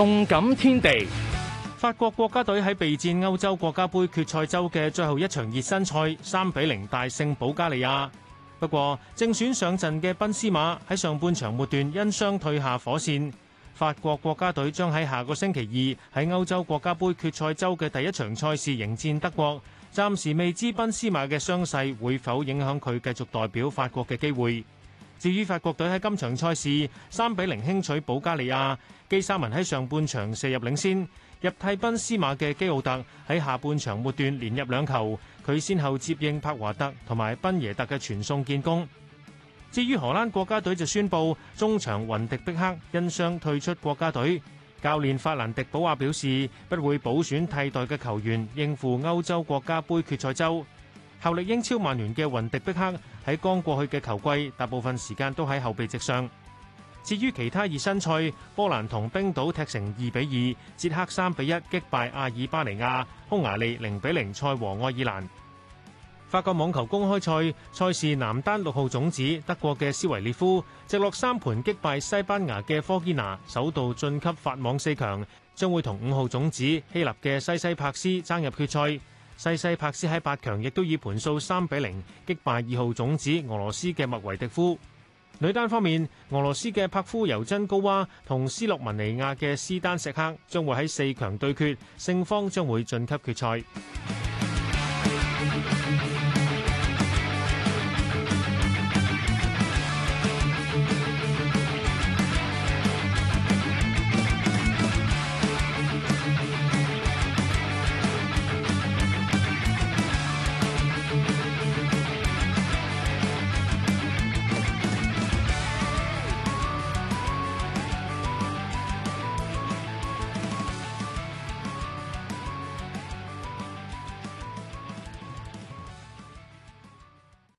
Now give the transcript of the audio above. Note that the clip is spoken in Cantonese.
動感天地，法國國家隊喺備戰歐洲國家杯決賽周嘅最後一場熱身賽，三比零大勝保加利亞。不過，正選上陣嘅賓斯馬喺上半場末段因傷退下火線。法國國家隊將喺下個星期二喺歐洲國家杯決賽周嘅第一場賽事迎戰德國。暫時未知賓斯馬嘅傷勢會否影響佢繼續代表法國嘅機會。至於法國隊喺今場賽事三比零輕取保加利亞，基沙文喺上半場射入領先，入替賓斯馬嘅基奧特喺下半場末段連入兩球，佢先後接應柏華特同埋賓耶特嘅傳送建功。至於荷蘭國家隊就宣布中場雲迪碧克因傷退出國家隊，教練法蘭迪保亞表示不會補選替代嘅球員應付歐洲國家杯決賽周。效力英超曼聯嘅雲迪碧克喺剛過去嘅球季大部分時間都喺後備席上。至於其他熱身賽，波蘭同冰島踢成二比二，捷克三比一擊敗阿爾巴尼亞，匈牙利零比零賽和愛爾蘭。法國網球公開賽賽事男單六號種子德國嘅斯維列夫，直落三盤擊敗西班牙嘅科基納，首度晉級法網四強，將會同五號種子希臘嘅西西帕斯爭入決賽。西西柏斯喺八強亦都以盤數三比零擊敗二號種子俄羅斯嘅麥維迪夫。女單方面，俄羅斯嘅帕夫尤珍高娃同斯洛文尼亞嘅斯丹石克將會喺四強對決，勝方將會晉級決賽。